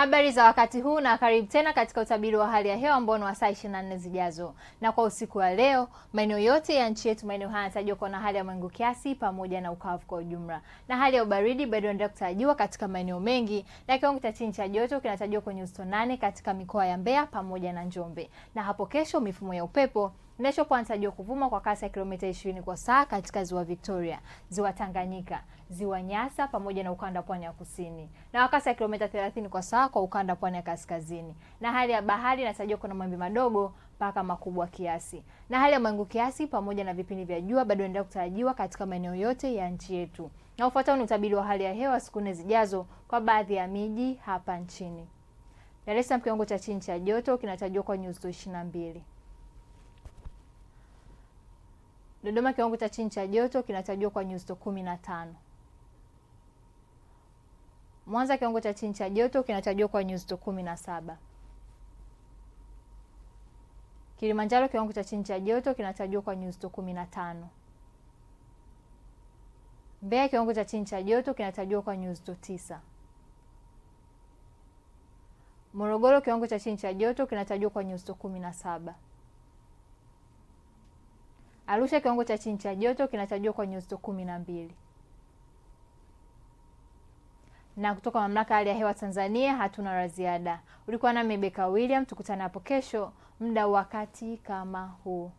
Habari za wakati huu na karibu tena katika utabiri wa hali ya hewa ambao ni wa saa 24 zijazo. Na kwa usiku wa leo, maeneo yote ya nchi yetu, maeneo haya yanatajwa kuwa na hali ya mawingu kiasi pamoja na ukavu kwa ujumla, na hali ya ubaridi bado inaendelea kutarajiwa katika maeneo mengi, na kiwango cha chini cha joto kinatarajiwa kwenye nyuzi nane katika mikoa ya Mbeya pamoja na Njombe. Na hapo kesho, mifumo ya upepo National anatarajiwa kuvuma kwa kasi ya kilomita 20 kwa saa katika ziwa Victoria, ziwa Tanganyika, ziwa Nyasa pamoja na ukanda pwani ya kusini na kasi ya kilomita 30 kwa saa kwa ukanda pwani ya kaskazini, na hali ya bahari inatarajiwa kuna mawimbi madogo mpaka makubwa kiasi, na hali ya mawingu kiasi pamoja na vipindi vya jua bado endelea kutarajiwa katika maeneo yote ya nchi yetu. Na ufuatao ni utabiri wa hali ya hewa siku nne zijazo kwa baadhi ya miji hapa nchini. Dar es Salaam, kiwango cha chini cha joto kinatarajiwa kwa nyuzi 22. Dodoma kiwango cha chini cha joto kinatajwa kwa nyuzi joto kumi na tano. Mwanza kiwango cha chini cha joto kinatajwa kwa nyuzi joto kumi na saba. Kilimanjaro kiwango cha chini cha joto kinatajwa kwa nyuzi joto kumi na tano. Mbeya kiwango cha chini cha joto kinatajwa kwa nyuzi joto tisa. Morogoro kiwango cha chini cha joto kinatajwa kwa nyuzi joto kumi na saba. Arusha kiwango cha chini cha joto kinatajwa kwa nyuzi joto kumi na mbili. Na kutoka mamlaka hali ya hewa Tanzania hatuna la ziada. Ulikuwa nami Beka William, tukutane hapo kesho muda wakati kama huu.